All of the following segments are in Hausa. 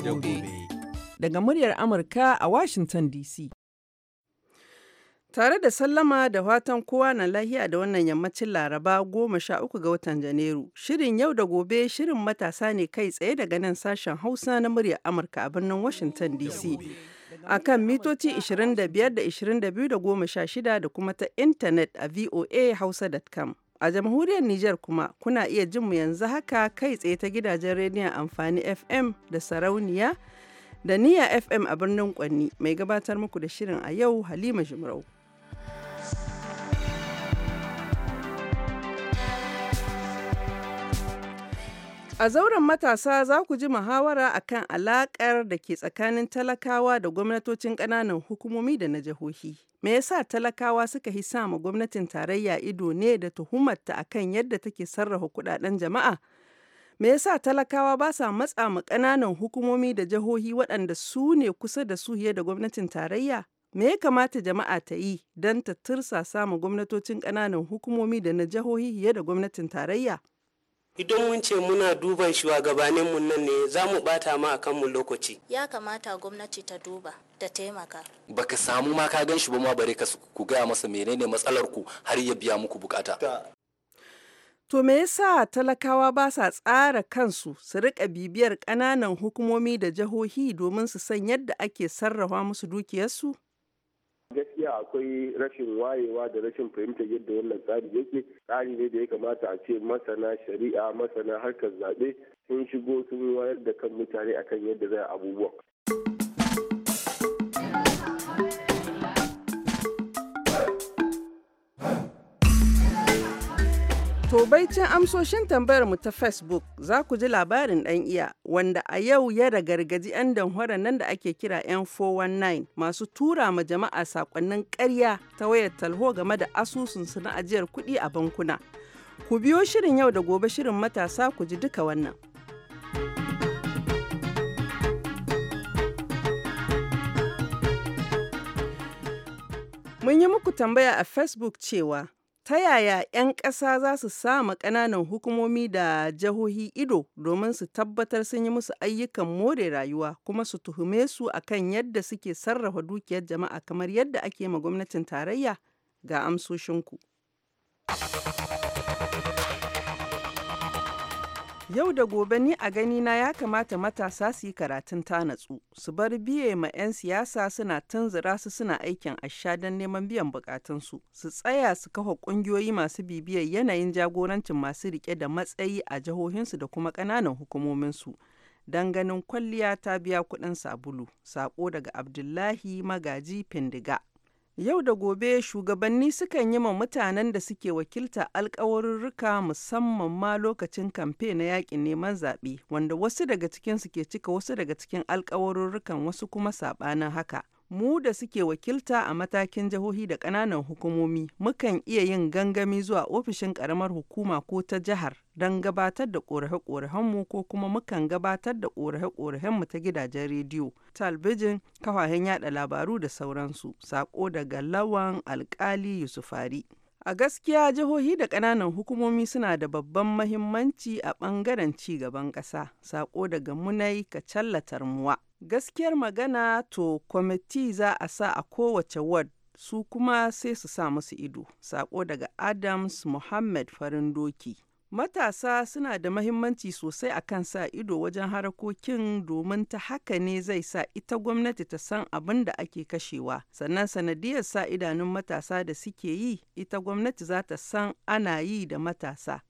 da gobe. Daga muryar Amurka a Washington DC. Tare da sallama da fatan kowa na lahiya da wannan yammacin Laraba goma sha uku ga watan Janairu. Shirin yau da gobe shirin matasa ne kai tsaye daga nan sashen Hausa na muryar Amurka a birnin Washington DC. A kan mitoci 25 da 22 da 16 da kuma ta intanet a voa voahausa.com. A jamhuriyar Nijar kuma kuna iya jin mu yanzu haka kai tsaye ta gidajen rediyon amfani FM da sarauniya da niya FM a birnin Kwanni mai gabatar muku da shirin a yau Halima Jumrau. A zauren matasa za ku ji muhawara akan alaƙar da ke tsakanin talakawa da gwamnatocin ƙananan hukumomi da na jihohi. Me yasa talakawa suka hi sama gwamnatin tarayya ido ne da tuhumarta akan yadda take sarrafa kuɗaɗen jama'a? Me yasa talakawa ba sa matsa ma ƙananan hukumomi da jihohi waɗanda su ne kusa da su fiye da gwamnatin tarayya? me ya kamata jama'a ta yi don ta tursasa ma gwamnatocin ƙananan hukumomi da na jihohi fiye da gwamnatin tarayya? Idan mun ce muna duban shugabaninmu nan ne za mu bata ma a kanmu lokaci. Ya kamata gwamnati ta duba ta taimaka. Baka samu ma ka gan ba ma bare ka ku gaya masa menene matsalar ku har ya biya muku bukata. To me yasa talakawa ba sa tsara kansu su rika bibiyar ƙananan hukumomi da jihohi domin su san yadda ake sarrafa musu dukiyarsu? gaskiya akwai rashin wayewa da rashin fahimtar yadda wannan tsari yake tsari ne da ya kamata a ce masana shari'a masana harkar zaɓe sun shigo sun wayar da kan mutane akan yadda za a abubuwa. To baicin amsoshin tambayar mu ta Facebook za ku ji labarin ɗan iya wanda a yau ya da gargaji 'yan danhoron nan da ake kira 'yan 419 masu tura ma jama'a sakonnin ƙarya ta wayar talho game da asusunsu na ajiyar kuɗi a bankuna. Ku biyo shirin yau da gobe shirin matasa ku ji duka wannan. Mun yi muku tambaya a Facebook cewa Ta yaya 'yan ƙasa za su sama ƙananan hukumomi da jihohi ido domin su tabbatar sun yi musu ayyukan more rayuwa kuma su tuhume su akan yadda suke sarrafa dukiyar jama'a kamar yadda ake ma gwamnatin tarayya ga amsoshinku. Yau da gobe ni a ganina ya kamata matasa su yi karatun tanatsu su bar biye ma 'yan siyasa suna tunzura su suna aikin asha don neman biyan bukatunsu, su tsaya su kafa ƙungiyoyi masu bibiyar yanayin jagorancin masu rike da matsayi a jihohinsu da kuma ƙananan hukumominsu. Don ganin kwalliya ta biya kuɗin sabulu, saƙo daga Abdullahi Magaji Findiga. Yau da gobe shugabanni sukan yi ma mutanen da suke wakilta alkawarurruka musamman ma lokacin kamfe na yakin neman zaɓe, wanda wasu daga cikinsu ke cika wasu daga cikin alkawarurrukan wasu kuma saɓanin haka. mu da suke wakilta a matakin jihohi da ƙananan hukumomi mukan iya yin gangami zuwa ofishin ƙaramar hukuma ko ta jihar don gabatar da ƙorafe mu ko kuma mukan gabatar da ƙorafe mu ta gidajen rediyo talbijin kafafen yada labaru da sauransu sako daga lawan alkali yusufari a gaskiya jihohi da ƙananan hukumomi suna da babban mahimmanci a ɓangaren ci gaban ƙasa sako daga munai ka challatar muwa Gaskiyar magana to kwamiti za a sa a kowace ward su kuma sai su sa musu ido. Sako daga Adams Muhammad Farin Doki. Matasa suna da mahimmanci sosai akan sa ido wajen harakokin domin ta haka ne zai sa ita gwamnati ta san abin da ake kashewa. Sannan sanadiyar sa idanun matasa da suke yi, ita gwamnati za ta san ana yi da matasa.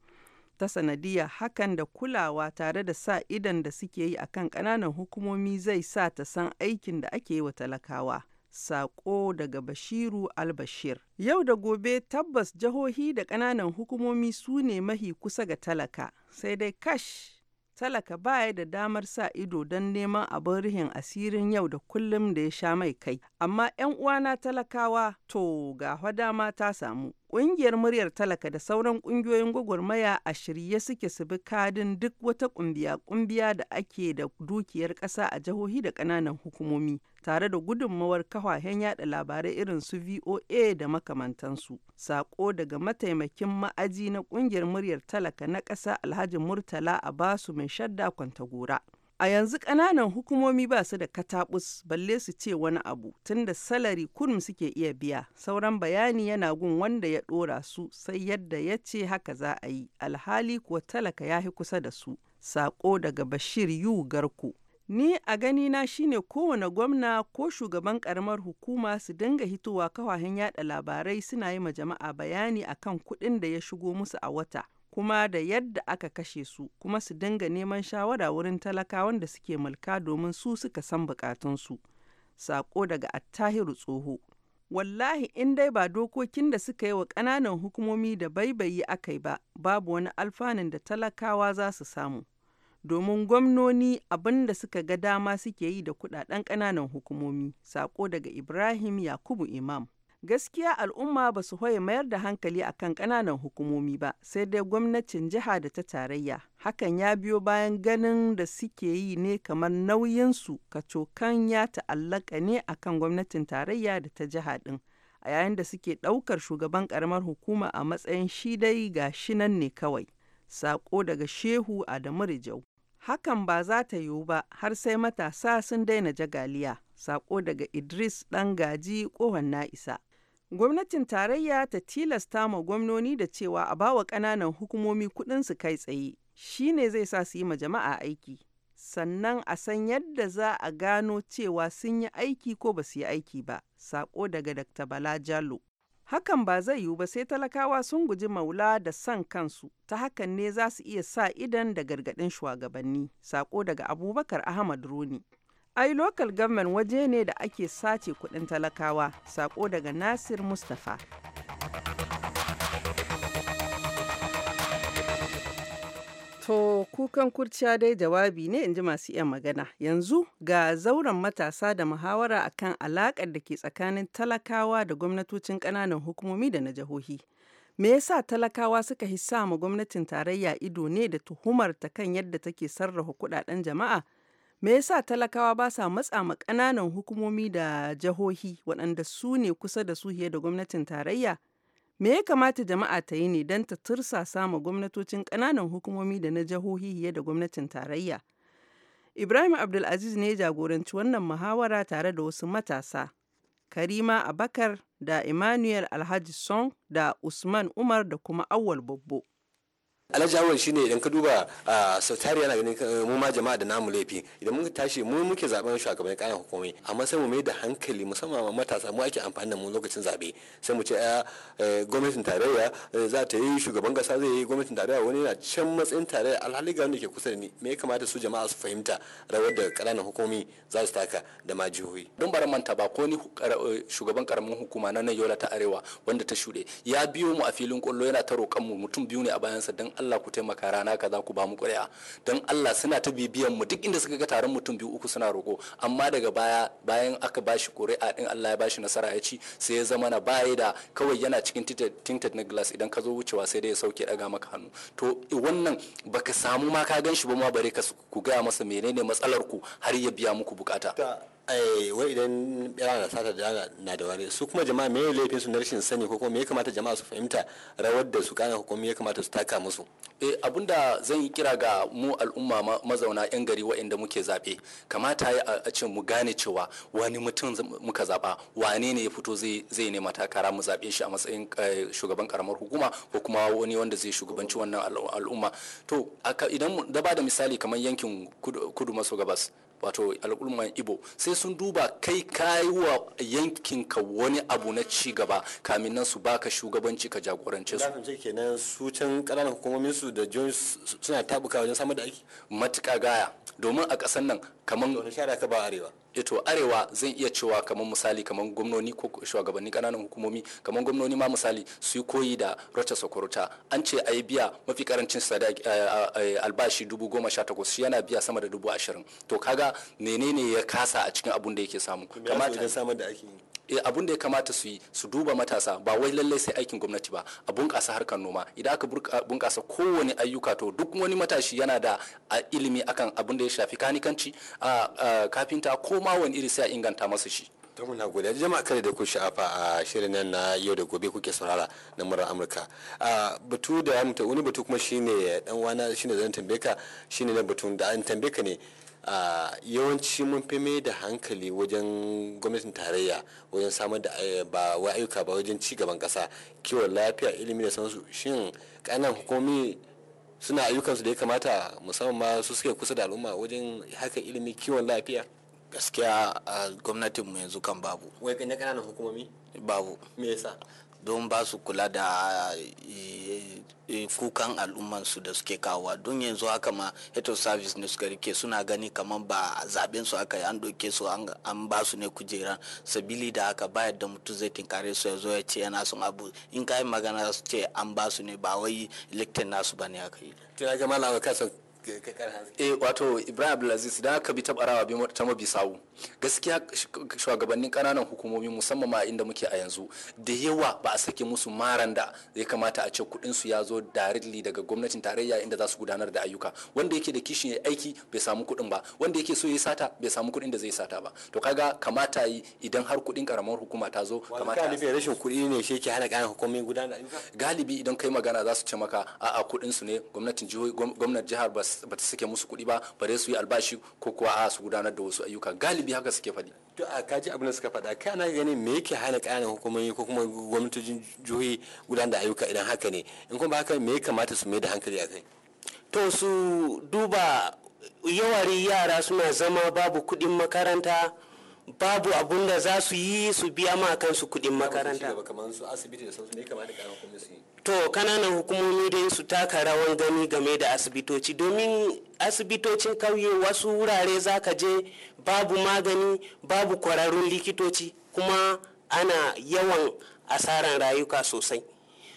ta sanadiyar hakan da kulawa tare da sa idon da suke yi akan ƙananan hukumomi zai sa ta san aikin da ake yi wa talakawa. Sako daga Bashiru Albashir. Yau da gobe tabbas jihohi da ƙananan hukumomi su ne mahi kusa ga talaka, sai dai kash talaka baya da damar sa ido don neman abin rihin asirin yau da kullum da ya sha mai kai. Amma 'yan uwana talakawa to ga dama ta samu. ƙungiyar muryar talaka da sauran ƙungiyoyin gwagwarmaya a shirye suke su bi kadin duk wata ƙumbiya da ake da dukiyar ƙasa a jihohi da ƙananan hukumomi tare da gudunmawar kawahen yada labarai irin su VOA da makamantansu. Sako daga mataimakin ma'aji na ƙungiyar muryar talaka na ƙasa Alhaji Murtala a basu mai shadda Kwantagora. A yanzu ƙananan hukumomi ba su da katabus balle su ce wani abu tunda salari kurum suke iya biya sauran bayani yana gun wanda ya ɗora su sai yadda ya ce haka za a yi alhali kuwa talaka ya kusa da su. Sako daga Bashir Yu Garko. Ni a ganina shine kowane gwamna ko shugaban karamar hukuma su dinga hitowa kawahin yada labarai suna yi ma jama'a bayani akan kuɗin da ya shigo musu a wata. kuma da yadda aka kashe su kuma su dinga neman shawara wurin talakawan da suke mulka domin su suka san bukatunsu saƙo daga attahiru tsoho wallahi in dai ba dokokin da suka yi wa ƙananan hukumomi da baibayi aka yi ba babu wani alfanun da talakawa za su samu domin gwamnoni abin da suka ga dama suke yi da kudaden ƙananan hukumomi saƙo daga ibrahim yakubu imam gaskiya al'umma ba su hoye mayar da hankali akan ƙananan hukumomi ba sai dai gwamnatin jiha da ta tarayya hakan ya biyo bayan ganin da suke yi ne kamar nauyinsu kacokan ya ta'allaka ne akan gwamnatin tarayya da ta jiha ɗin a yayin da suke ɗaukar shugaban ƙaramar hukuma a matsayin shi dai ga shi nan ne kawai saƙo daga shehu adamu rijau hakan ba za ta yiwu ba har sai matasa sun daina jagaliya sako daga Idris ɗan gaji ƙohon na isa. Gwamnatin tarayya ta tilasta ma gwamnoni da cewa a bawa ƙananan hukumomi kuɗin su kai tsaye, shi ne zai sa su yi ma jama'a aiki. Sannan a san yadda za a gano cewa sun yi aiki ko ba su yi aiki ba, saƙo daga Dr. Bala Jalo. Hakan ba zai yiwu ba sai talakawa sun guji maula da san kansu, ta hakan ne za su iya sa idan da gargaɗin shugabanni, saƙo daga Abubakar Ahmad Roni. ai local government waje ne da ake sace kudin talakawa sako daga nasir mustapha To kukan kurciya dai jawabi ne inji masu iya magana. Yanzu ga zauren matasa da muhawara akan alakar da ke tsakanin talakawa da gwamnatocin ƙananan hukumomi da na jihohi. Me yasa talakawa suka hissa ma gwamnatin tarayya ido ne da tuhumar ta kan yadda take sarrafa kudaden jama'a? Me yasa talakawa ba sa matsa ma ƙananan hukumomi da jahohi waɗanda su ne kusa da su da gwamnatin tarayya? Me ya kamata jama'a ta yi ne don ta tursa ma gwamnatocin ƙananan hukumomi da na jihohi da gwamnatin tarayya? Ibrahim Abdulaziz ne ya jagoranci wannan muhawara tare da wasu matasa. Karima Abakar da Emmanuel Alhaji Song da Usman Umar da kuma Awal Babbo. alhaji shi shine idan ka duba a tari yana ganin mu ma jama'a da namu laifi idan muka tashi mu muke zaben shugabannin kayan hukumai amma sai mu mai da hankali musamman matasa mu ake amfani da mu lokacin zabe sai mu ce e, gwamnatin tarayya e, za ta yi shugaban kasa zai yi gwamnatin tarayya wani yana can matsayin tarayya alhali ga wanda ke kusa da ni me ya kamata su jama'a su fahimta rawar da ƙananan hukumomi za su taka da ma jihohi don bara manta ba ko ni e, shugaban karamin hukuma na nan yola ta arewa wanda ta shuɗe ya biyo mu a filin kwallo yana ta roƙan mu mutum biyu ne a bayansa don Allah ku taimaka rana kaza ku ba mu ƙuri'a don Allah suna ta bibiyan mu duk inda suka ga taron mutum biyu uku suna roƙo amma daga baya bayan aka bashi ƙuri'a din Allah ya bashi nasara ya ci sai ya zama na baya da kawai yana cikin tinted na glass idan ka zo wucewa sai dai ya sauke daga maka hannu to wannan baka samu ma ka ganshi ba ma bare ka ku gaya masa menene matsalar ku har ya biya muku bukata Eh, wai idan bera na sata da na da wari su kuma jama'a mai laifin su na rashin sani ko kuma me ya kamata jama'a su fahimta rawar da su kana ko kuma me ya kamata su taka musu eh abinda zan yi kira ga mu al'umma mazauna yan gari wa'inda muke zabe kamata ya a ce mu gane cewa wani mutum muka zaba wane ne ya fito zai zai nema takara mu zabe shi a matsayin eh, shugaban karamar hukuma ko kuma wani wanda zai shugabanci wannan al'umma to idan da ba da misali kamar yankin kudu maso gabas wato al'umman ibo sai sun duba kai kayi wa yankin ka wani abu na ci gaba kamin nan su baka shugabanci ka jagorance su kenan su can ƙananan hukumomin su da jones suna tabuka wajen samar da aiki matuƙa gaya domin a ƙasar nan kaman wani shara ta ba arewa eto arewa zan iya cewa kamar misali kamar gwamnoni ko shugabanni kananan hukumomi kamar gwamnoni ma misali su yi koyi da rocha sokorota an ce a yi biya mafi karancin albashi dubu goma sha takwas shi yana biya sama da dubu ashirin to kaga menene ya kasa a cikin abun da yake samu kamata eh, abun da ya kamata su yi su duba matasa ba wai lallai sai aikin gwamnati ba a bunƙasa harkar noma idan aka bunƙasa kowane ayyuka to duk wani matashi yana da ilimi akan abun da ya shafi kanikanci kafinta ko ma wani iri sai a inganta masa shi to muna gode jama'a kare da ku sha'afa a shirin nan na yau da gobe kuke saurara na murar amurka a batu da ya wani batu kuma shine dan wana shine zan tambaye ka shine na batun da an tambaye ka ne a yawanci mun fi mai da hankali wajen gwamnatin tarayya wajen samar da eh, ba wa ayyuka ba wajen ci gaban kasa kiwon lafiya ilimi da sansu shin kanan hukumi suna ayyukansu da ya kamata musamman ma su suke kusa da al'umma wajen haka ilimi kiwon lafiya gaskiya a gwamnatinmu yanzu kan babu wai ganin kananan hukumomi babu me yasa don ba su kula da eh, eh, kukan su da suke kawowa don yanzu haka ma heto service ne suka rike suna gani kamar ba zaben su aka yi an doke su an ba su ne kujeran sabili da haka ba yadda mutum zai tinkare su ya zo ya ce yana son abu in ka yi magana su ce an ba su ne ba wai elected nasu ba ne aka yi. Tuna jama'a ka san eh wato Ibrahim Abdulaziz da aka bi ta barawa ta mabi sawu. gaskiya shugabannin kananan hukumomi musamman ma inda muke a yanzu da yawa ba a sake musu maran da ya kamata a ce kudin su ya zo directly daga gwamnatin tarayya inda za su gudanar da ayyuka wanda yake da kishin ya aiki bai samu kudin ba wanda yake so ya sata bai samu kudin da zai sata ba to kaga kamata yi idan har kudin karamar hukuma ta zo kamata galibi rashin kudi ne shi yake hana kananan hukumomi gudanar ayyuka galibi idan kai magana za su ce maka a'a kudin su ne gwamnatin gwamnatin jihar ba ta sake musu kudi ba bare su yi albashi ko kuwa a su gudanar da wasu ayyuka galibi bi haka suke faɗi to a kaji abin da suka faɗa kai ana ganin me yake hana ƙananan hukumomi ko kuma gwamnatocin jihohi gudanar da ayyuka idan haka ne in kuma haka me ya kamata su mai da hankali a kai to su duba yawari yara suna zama babu kuɗin makaranta babu abun da za su yi su biya ma kansu kuɗin makaranta kamar su asibiti da sauransu ne kamata ƙananan hukumomi su yi to kananan hukumomi dai su taka rawan gani game da asibitoci domin asibitocin kauye wasu wurare zaka je babu magani babu kwararrun likitoci kuma ana yawan asaran rayuka sosai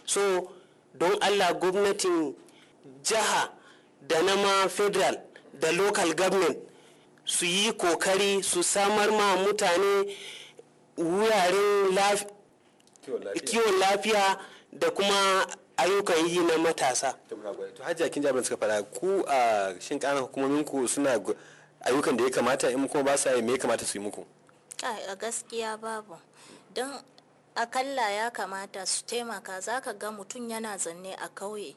so don allah gwamnatin jiha da nama federal da local government su yi kokari su samar ma mutane wuraren kiwon lafiya da kuma ayyukan yi na matasa to hajji kin jabin suka fara ku a shin kana hukumomin ku suna ayyukan da ya kamata in kuma ba sa yi me ya kamata su yi muku a gaskiya babu don akalla ya kamata su taimaka za ka ga mutum yana zanne a kauye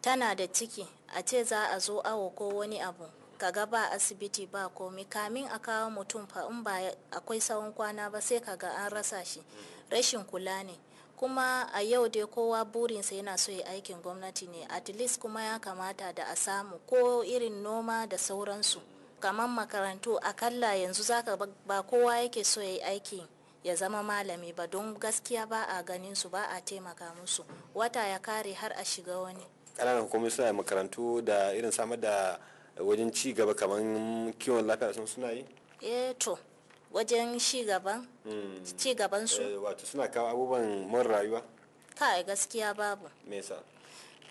tana da ciki a ce za a zo awo ko wani abu kaga ba asibiti ba komi kamin a kawo mutum fa in ba akwai tsawon kwana ba sai ka ga an rasa shi rashin kula ne kuma a yau dai kowa burinsa yana so ya aikin gwamnati ne at least kuma ya kamata da a samu ko irin noma da sauransu kamar makarantu akalla yanzu zaka ba kowa yake so ya yi aiki ya zama malami ba don gaskiya ba a ganin su ba a taimaka musu wata ya kare har a shiga wani ƙananan hukumomi suna makarantu da irin samar da wajen ci gaba kamar kiwon lafiya sun suna yi eh to wajen ci gaban mm. su eh, wato suna kawo abubuwan mun rayuwa kai gaskiya babu mesa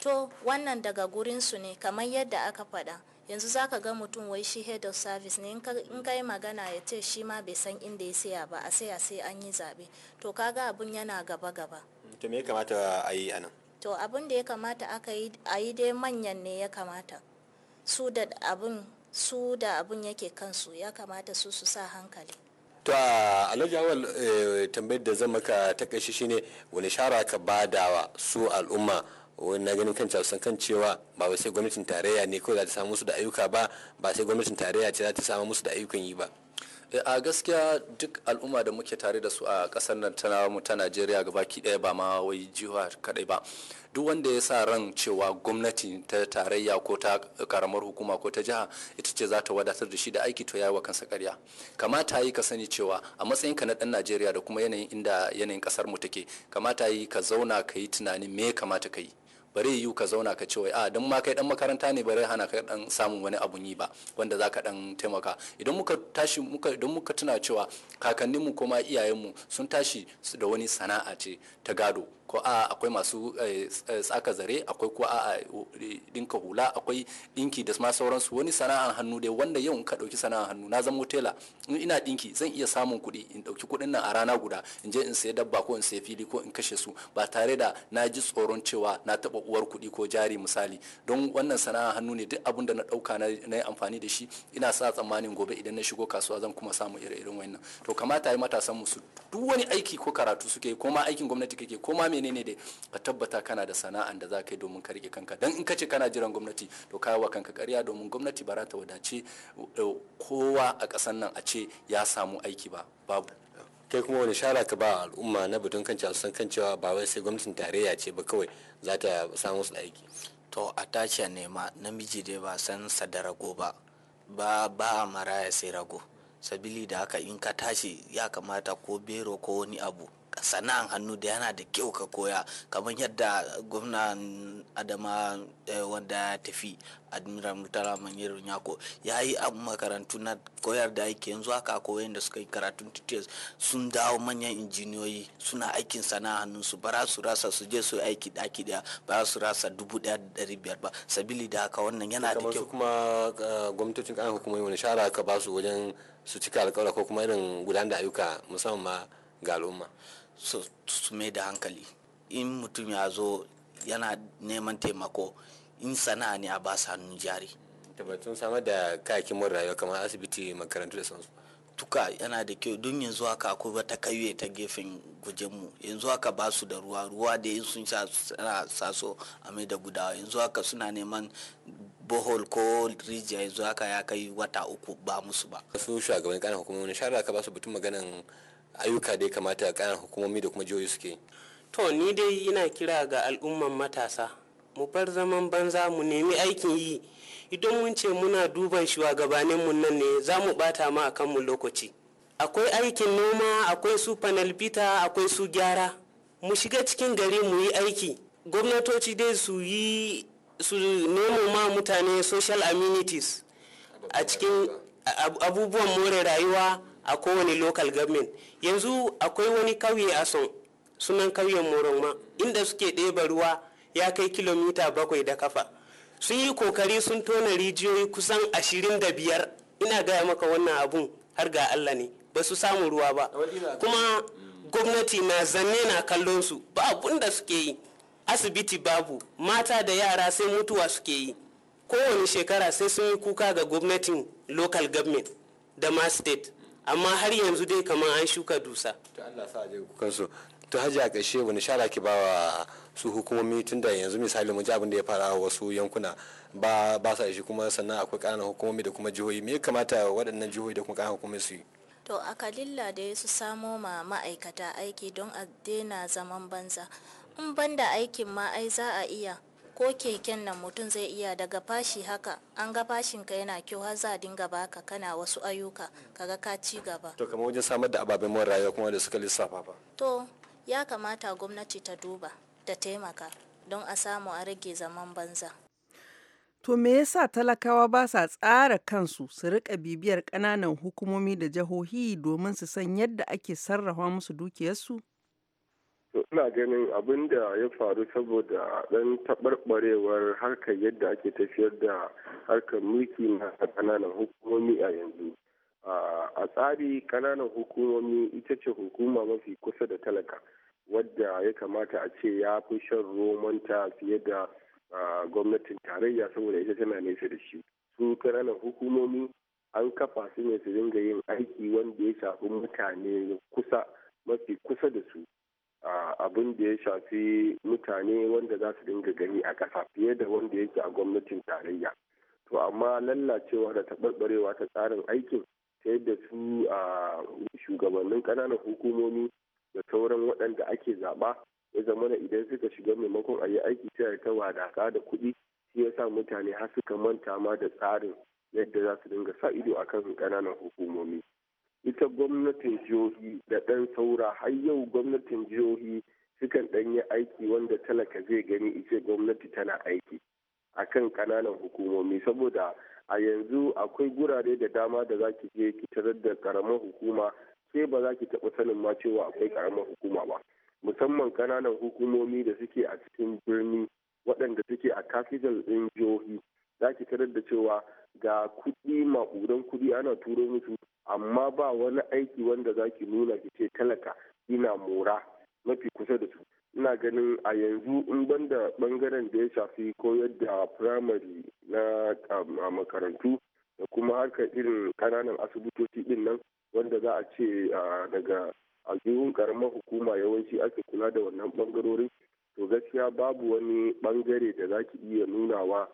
to wannan daga gurin su ne kamar yadda aka faɗa yanzu zaka ga mutum wai shi head of service ne in ka yi magana ya ce shi ma bai san inda ya saya ba a saya sai an yi zaɓe to kaga abun yana gaba gaba mm, to me ya kamata a yi anan to abun da ya kamata aka yi a yi dai manyan ne ya kamata su da abun su da abun yake kansu ya kamata su su sa hankali to alhaji awal eh, tambayar da zan maka ta kashi shine wani shara ka wa su al'umma wani na ganin kanta san kan cewa ba wai sai gwamnatin tarayya ne kawai za ta samu musu da ayyuka ba ba sai gwamnatin tarayya ce za ta samu musu da ayyukan yi ba a gaskiya duk al'umma da muke tare da su a kasar nan ta mu ta najeriya baki daya ba ma wai jiha kaɗai ba duk wanda ya sa ran cewa gwamnati ta tarayya ko ta karamar hukuma ko ta jiha ita ce za ta wadatar da shi da aiki to ya wa kansa karya kamata yi ka sani cewa a matsayin ka na dan najeriya da kuma yanayin inda yanayin kasar mu take kamata yi ka zauna ka yi tunanin me kamata ka yi bari yiwu ka zauna ka cewa a ah, don ma kai dan makaranta ne bari hana ka dan samun wani abun yi ba wanda za ka dan taimaka idan muka tashi muka idan muka tuna cewa kakanninmu kuma iyayenmu sun tashi da wani sana'a ce ta gado ko a akwai masu eh, eh, tsaka zare akwai ko a dinka hula akwai dinki da ma sauransu wani sana'an hannu dai wanda yau ka dauki sana'an hannu na zama tela in ina dinki zan iya samun kuɗi in dauki kuɗin nan a rana guda in je in sayi dabba ko in sayi fili ko in kashe su ba tare da na ji tsoron cewa na taba uwar kuɗi ko jari misali don wannan sana'an hannu ne duk abinda da na dauka na yi amfani da shi ina sa tsammanin gobe idan na shigo kasuwa zan kuma samu ire-iren wannan to kamata yi matasan mu su duk wani aiki ko karatu suke ko ma aikin gwamnati kake ko ma me menene ne ka tabbata kana da sana'an da za ka yi domin ka rike kanka dan in ka ce kana jiran gwamnati to ka wa kanka ƙarya domin gwamnati ba za ta wadace eh, kowa a ƙasar nan a ce ya samu aiki ba babu kai kuma wani shara ka ba al'umma na batun kan san kan cewa ba wai sai gwamnatin tarayya ce ba kawai za ta samu su aiki to a tace nema namiji dai ba san sadarago ba ba ba maraya sai rago sabili da haka in ka tashi ya kamata ko bero ko wani abu sana'an hannu da yana da kyau ka koya kamar yadda gwamnan adama eh, wanda ya tafi admiral murtala manir yako ya yi a makarantu na koyar da aiki yanzu haka koyon da suka yi karatun tutiyas sun dawo manyan injiniyoyi suna aikin sana'a hannun su ba su rasa su je su aiki daki daya ba su rasa dubu daya da dari biyar ba sabili da haka wannan yana da kyau kuma eh, gwamnatocin kan hukumomi wani shara ka ba su wajen su cika alkawari ko kuma irin gudanar da ayyuka musamman ma ga al'umma su mai da hankali in mutum ya zo yana neman taimako in sana'a ne a ba su hannun jari tabbatun samar da kayakin mun rayuwa kamar asibiti makarantu da sansu tuka yana da kyau don yanzu haka akwai wata kayuwe ta gefen gujenmu yanzu haka ba su da ruwa ruwa da yin sun suna saso a mai da gudawa yanzu haka suna neman bohol ko rijiya yanzu haka ya kai wata uku ba musu ba su shugaban kanan hukumomi shara ka ba su batun maganan ayyuka da ya kamata a kayan hukumomi da kuma jihohi suke to ni dai ina kira ga al'umman matasa mu bar zaman banza mu nemi aikin yi idan mun ce muna duban shugabanin mu nan ne za mu bata ma a kanmu lokaci akwai aikin noma akwai su panalbita akwai su gyara mu shiga cikin gari mu yi aiki gwamnatoci dai su yi su nemo ma mutane social amenities a cikin abubuwan more rayuwa a kowane local government yanzu akwai wani kauye a son sunan kauyen moroma inda suke ɗeba ruwa ya kai kilomita bakwai da kafa sun yi kokari sun tona rijiyoyi kusan ashirin da biyar ina gaya maka wannan abun har ga allah ne ba su samu ruwa ba kuma gwamnati na zanne na kallon su ba abun da suke yi asibiti babu mata da yara sai mutuwa suke yi kowane shekara sai sun yi kuka ga gwamnatin local government da ma state amma har yanzu dai kamar an shuka dusa ta Allah sa je kansu to hajji a ƙarshe wani shara ki ba wa su hukumomi tun da yanzu misali mun ji abin da ya fara wasu yankuna ba ba sa shi kuma sannan akwai ƙananan hukumomi da kuma jihohi me ya kamata waɗannan jihohi da kuma ƙananan hukumomi su yi to a kalilla da su samo ma ma'aikata aiki don a daina zaman banza in banda aikin ma ai za a iya ko keken nan mutum zai iya daga fashi haka an ga fashin ka yana kyau har za a dinga baka kana wasu ayyuka kaga ka ci gaba to kamar wajen samar da ababen more rayuwa kuma da suka lissafa ba to ya kamata gwamnati ta duba ta taimaka don a samu a rage zaman banza To me yasa talakawa ba sa tsara kansu su rika bibiyar ƙananan hukumomi da jahohi domin su san yadda ake sarrafa musu dukiyarsu? su ina ganin abin da ya faru saboda dan taɓarɓarewar harkar yadda ake tafiyar da harkar mulki na ƙananan hukumomi a yanzu a tsari ƙananan hukumomi ita ce hukuma mafi kusa da talaka wadda ya kamata a ce ya fi shan romanta fiye da gwamnatin tarayya saboda ita tana nesa da shi su ƙananan hukumomi an kafa su ne su dinga yin aiki wanda ya shafi mutane kusa mafi kusa da su abin da ya shafi mutane wanda za su dinga gani a ƙasa fiye da wanda yake a gwamnatin tarayya to amma lallacewa da taɓarɓarewa ta tsarin aikin ta yadda su shugabannin ƙananan hukumomi da sauran waɗanda ake zaɓa ya zama na idan suka shiga maimakon a yi aiki sai ta wadaka da kuɗi shi ya sa mutane har suka manta ma da tsarin yadda za su dinga sa ido akan ƙananan hukumomi ita gwamnatin jihohi da ɗan saura har yau gwamnatin jihohi sukan ɗan yi aiki wanda talaka zai gani ice gwamnati tana aiki a kan ƙananan hukumomi saboda a yanzu akwai gurare da dama da za ki je ki tarar da ƙaramar hukuma sai ba za ki taɓa sanin ma cewa akwai ƙaramar hukuma ba musamman ƙananan hukumomi da suke a cikin birni waɗanda suke a capital ɗin jihohi za ki tarar da cewa ga kuɗi maƙudan kuɗi ana turo musu amma ba wani aiki wanda za ki nuna ki ce talaka ina mora mafi kusa da su ina ganin a yanzu in banda bangaren da ya shafi ko yadda firamare na um, makarantu da kuma harkar irin kananan asibitoci din nan wanda za a ce daga aljihun karamar hukuma yawanci ake kula da wannan bangarorin to gaskiya babu wani bangare da za ki iya nunawa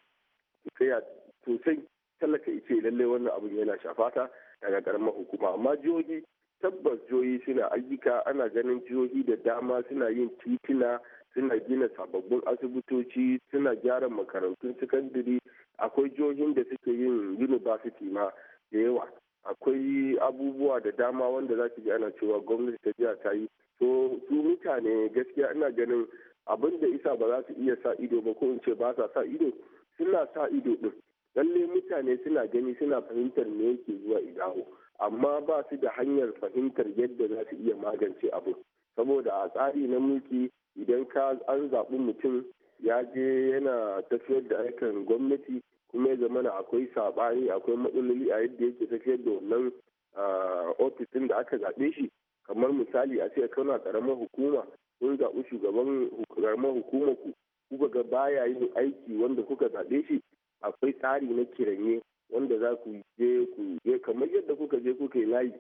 sosai talaka ice lallai wannan abin yana shafata daga karamar hukuma amma jihohi tabbas jihohi suna ayyuka ana ganin jihohi da dama suna yin titina suna gina sababbin asibitoci suna gyara makarantun sakandare akwai jihohin da suke yin university ma da yawa akwai abubuwa da dama wanda za ki ji ana cewa gwamnati ta jiya ta yi so su mutane gaskiya ina ganin abin isa ba za su iya sa ido ba ko in ce ba sa sa ido suna sa ido din lalle mutane suna gani suna fahimtar me yake zuwa idaho amma ba su da hanyar fahimtar yadda za su iya magance abu saboda a tsari na mulki idan ka an zaɓi mutum ya je yana tafiyar da aikin gwamnati kuma ya zamana akwai saɓani akwai matsaloli a yadda yake tafiyar da wannan ah, ofis ɗin da aka zaɓe shi kamar misali a ce kana ƙaramar hukuma kun zaɓi shugaban ƙaramar hukumar ku kuka ga baya yin aiki wanda kuka zaɓe shi akwai tsari na kiranye wanda za ku je ku je kamar yadda kuka je kuka yi layi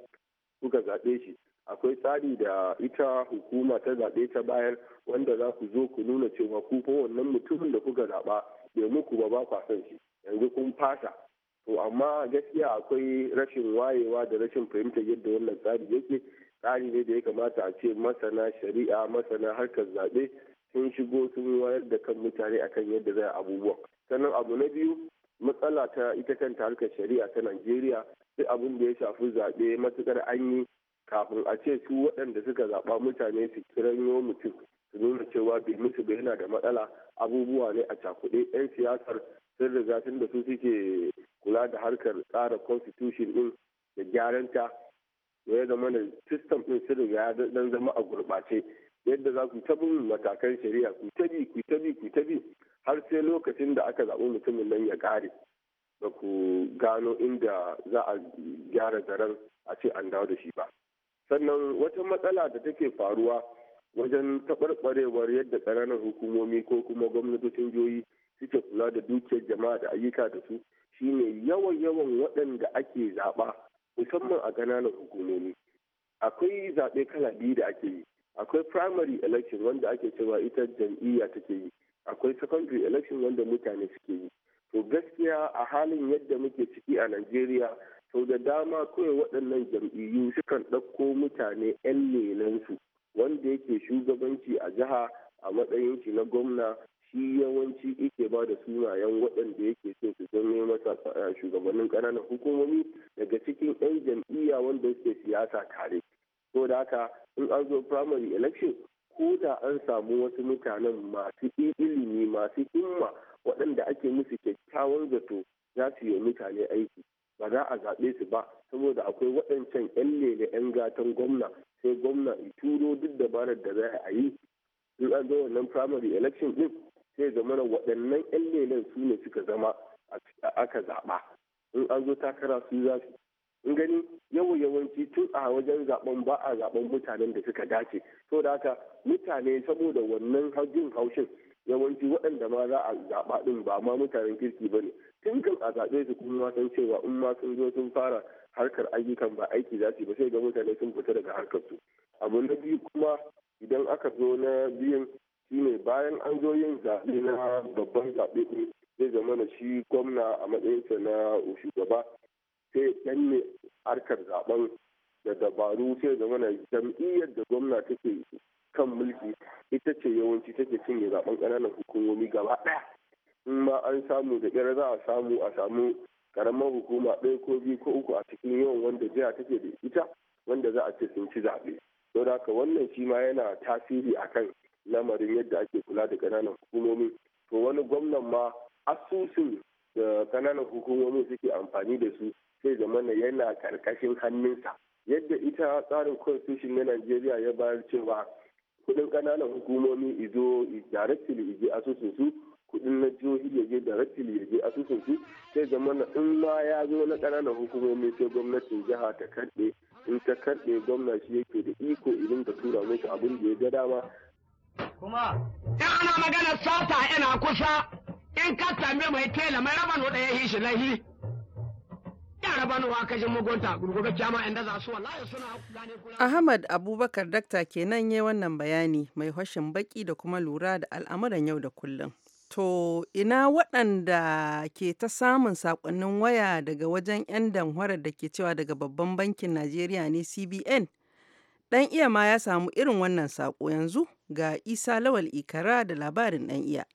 kuka zaɓe shi akwai tsari da ita hukuma ta zaɓe ta bayar wanda za ku zo ku nuna cewa ku fa wannan mutumin da kuka zaɓa bai muku ba ba kwa son shi yanzu kun fasa to amma gaskiya akwai rashin wayewa da rashin fahimtar yadda wannan tsari yake tsari ne da ya kamata a ce masana shari'a masana harkar zaɓe sun shigo sun wayar da kan mutane akan yadda zai abubuwan sannan abu na biyu matsala ta ita kanta harkar shari'a ta najeriya duk abin da ya shafi zaɓe matukar an yi kafin a ce su waɗanda suka zaɓa mutane su kiranyo mutum su nuna cewa bai musu ba yana da matsala abubuwa ne a cakuɗe 'yan siyasar sun riga tun da su suke kula da harkar tsara constitution din da gyaran ta ya zama da system din sun riga ya dan zama a gurɓace yadda za ku ta bin matakan shari'a ku ta bi ku ta bi ku ta bi har sai lokacin da aka zaɓi mutumin nan ya ƙare ba ku gano inda za a gyara zaren a ce an dawo da shi ba sannan wata matsala da take faruwa wajen taɓarɓarewar yadda ƙananan hukumomi ko kuma gwamnatocin jihohi suke kula da dukiyar jama'a da ayyuka da su shine yawan yawan waɗanda ake zaɓa musamman a ƙananan hukumomi akwai zaɓe kala biyu da ake yi akwai primary election wanda ake cewa ita jam'iyya take yi akwai secondary election wanda mutane suke yi to gaskiya a halin yadda muke ciki a najeriya sau da dama kawai waɗannan jam'iyyu sukan ɗauko mutane 'yan lelansu wanda yake shugabanci a jiha a matsayin shi na gwamna shi yawanci yake ba da sunayen waɗanda yake so su zame masa eh, shugabannin ƙananan hukumomi daga cikin 'yan jam'iyya wanda suke siyasa tare. So da haka in an zo primary election ko da an samu wasu mutanen masu ilimi masu himma waɗanda ake musu kyakkyawan zato za su yi mutane aiki ba za a zaɓe su ba saboda akwai waɗancan 'yan lele 'yan gatan gwamna sai gwamna ya turo duk dabarar da za a yi in an zo wannan primary election din sai zama waɗannan 'yan lelen su ne suka zama aka zaɓa in an zo takara su za su in gani yawan yawanci tun a wajen zaben ba a zaben mutanen da suka dace so da haka mutane saboda wannan jin haushin yawanci waɗanda ma za a zaɓa ɗin ba ma mutanen kirki ba ne tun kan a zaɓe su kuma san cewa in ma sun zo sun fara harkar ayyukan ba aiki za su ba sai ga mutane sun fita daga harkar su abu na biyu kuma idan aka zo na biyun shine bayan an zo yin zaɓe na babban zaɓe ɗin zai zama na shi gwamna a matsayinsa na shugaba sai danne harkar zaben da dabaru sai zama na jam'iyyar da gwamna take kan mulki ita ce yawanci take cinye zaben ƙananan hukumomi gaba ɗaya in ma an samu da ƙira za a samu a samu karamar hukuma ɗaya ko biyu ko uku a cikin yawan wanda jiha take da ita wanda za a ce sun ci zaɓe saboda haka wannan shi ma yana tasiri akan lamarin yadda ake kula da ƙananan hukumomi to wani gwamnan ma asusun da ƙananan hukumomi suke amfani da su zama na yana karkashin hannunsa yadda ita tsarin constitution na najeriya ya bayar cewa kudin kananan hukumomi izo directly ije asusun su kudin na jihohi ya je directly ya je asusun su sai na in ma ya zo na kananan hukumomi sai gwamnatin jiha ta karɗe in ta karɗe gwamna shi yake da iko idan ta tura musu abin da ya ga dama kuma in ana maganar sata ina kusa in ka tambe mai tela mai raba no ya yi shi lahi Ahmad Abubakar Dakta kenan yi wannan bayani mai hashin baki da kuma lura da al'amuran yau da kullum. To ina waɗanda ke ta samun saƙonnin waya daga wajen 'yan damwarar da ke cewa daga babban bankin Najeriya ne CBN? Ɗan iya ma ya samu irin wannan saƙo yanzu ga Isa Lawal Ikara da labarin ɗan iya.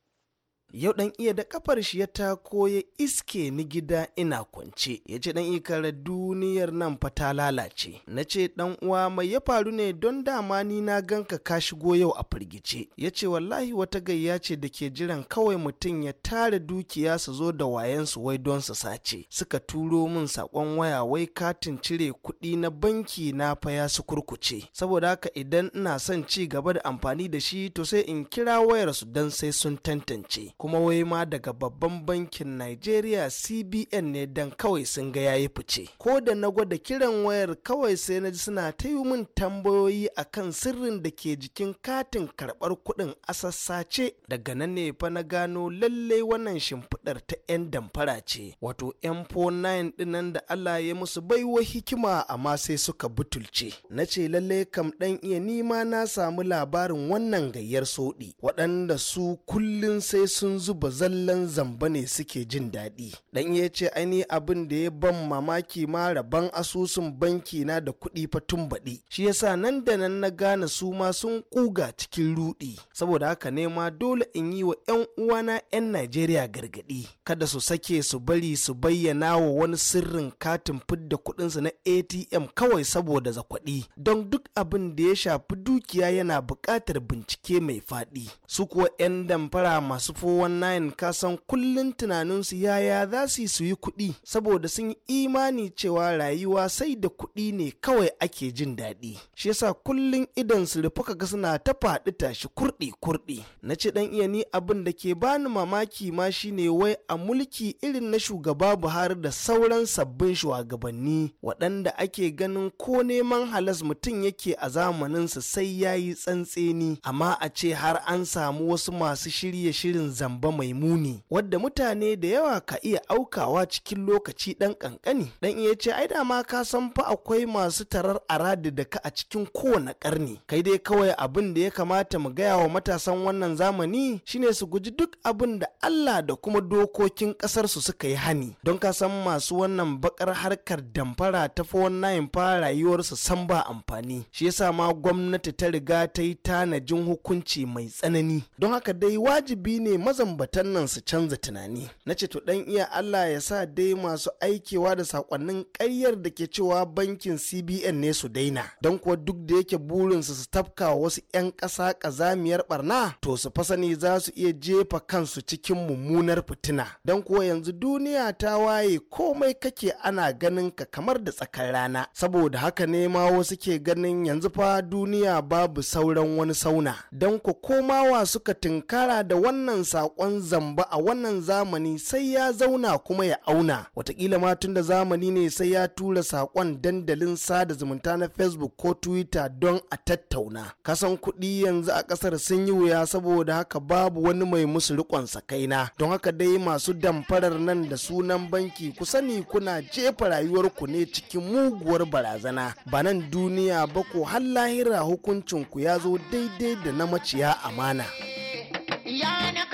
yau dan iya da kafar shi ya tako ya iske ni gida ina kwance ya ce dan ikara duniyar nan fa ta lalace na ce dan uwa mai ya faru ne don dama ni na ganka ka shigo yau a firgice ya ce wallahi wata gayya ce da ke jiran kawai mutum ya tare dukiya su zo da wayansu wai don su sace suka turo min sakon waya wai katin cire kuɗi na banki na fa ya su kurkuce saboda haka idan ina son ci gaba da amfani da shi to sai in kira wayar su dan sai sun tantance kuma wai ma daga babban bankin Najeriya CBN ne dan kawai sun ga yayi fice. Ko da na gwada kiran wayar kawai sai na ji suna ta yi min tambayoyi akan sirrin da ke jikin katin karɓar kuɗin asassace daga nan ne fa na gano lalle wannan shimfiɗar ta 'yan damfara ce wato 'yan 49 dinan da Allah ya musu baiwa hikima amma sai suka butulce. Na ce lalle kam dan iya nima na samu labarin wannan gayyar soɗi waɗanda su kullun sai sun sun zuba zallan zamba ne suke jin daɗi dan ya ce aini abin da ya ban mamaki ma rabon asusun banki na da kuɗi fa tun baɗi shi yasa nan da nan na gane su ma sun kuga cikin ruɗi saboda haka ne ma dole in yi wa 'yan uwana 'yan najeriya gargaɗi kada su sake su bari su bayyana wa wani sirrin katin fidda kuɗin su na atm kawai saboda zakwaɗi don duk abin da ya shafi dukiya yana buƙatar bincike mai faɗi su kuwa 'yan damfara masu fowa 419 kasan kullum tunaninsu yaya za su su yi kuɗi saboda sun yi imani cewa rayuwa sai da kuɗi ne kawai ake jin daɗi shi yasa kullum idan su rufe ga suna ta faɗi tashi kurɗi kurɗi na ce dan iya ni abin da ke bani mamaki ma shine wai a mulki irin na shugaba Buhari da sauran sabbin shugabanni waɗanda ake ganin ko neman halas mutum yake a zamaninsa sai yayi tsantseni amma a ce har an samu wasu masu shirye shirin zamba mai muni wadda mutane da yawa ka iya aukawa cikin lokaci ɗan ƙanƙani dan iya ce ai dama ka san fa akwai masu tarar aradi da ka a cikin kowane karni. kai dai kawai abin da ya kamata mu gaya wa matasan wannan zamani shine su guji duk abin da Allah da kuma dokokin ƙasar su suka yi hani don ka san masu wannan bakar harkar damfara ta fawon nayin fa su san ba amfani shi yasa ma gwamnati ta riga ta yi tanajin hukunci mai tsanani don haka dai wajibi ne mazambatan nan su canza tunani na ce to dan iya Allah ya sa dai masu aikewa da sakonnin ƙaryar da ke cewa bankin CBN ne su daina don kuwa duk da yake burinsu su tafka wasu 'yan ƙasa kazamiyar barna to su fasani za su iya jefa kansu cikin mummunar fitina don kuwa yanzu duniya ta waye komai kake ana ganin ka kamar da tsakar rana saboda haka ne ma wasu ke ganin yanzu fa duniya babu sauran wani sauna don ko komawa suka tinkara da wannan sa saƙon zamba a wannan zamani sai ya zauna kuma ya auna watakila ma tun da zamani ne sai ya tura saƙon dandalin sada zumunta na facebook ko twitter don a tattauna kasan kuɗi yanzu a ƙasar sun yi wuya saboda haka babu wani mai musu riƙon kaina don haka dai masu damfarar nan da sunan banki ku sani kuna jefa rayuwar ku ne cikin muguwar barazana ba nan duniya ba ko har lahira hukuncin ku ya zo daidai da na maciya amana.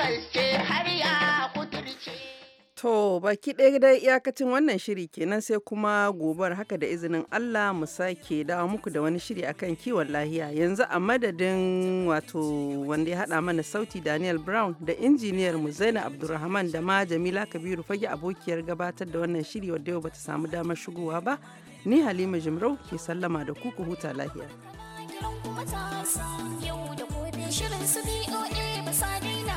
gaske har ya To baki ɗaya dai iyakacin wannan shiri kenan sai kuma gobar haka da izinin Allah mu sake dawo muku da wani shiri akan kiwon lahiya yanzu a madadin wato wanda ya haɗa mana sauti Daniel Brown da injiniyar mu Zainab Abdulrahman da ma Jamila Kabiru fage abokiyar gabatar da wannan shiri wadda yau bata samu damar shigowa ba ni Halima Jimrau ke sallama da ku ku huta lahiya. shirin su ba sa daina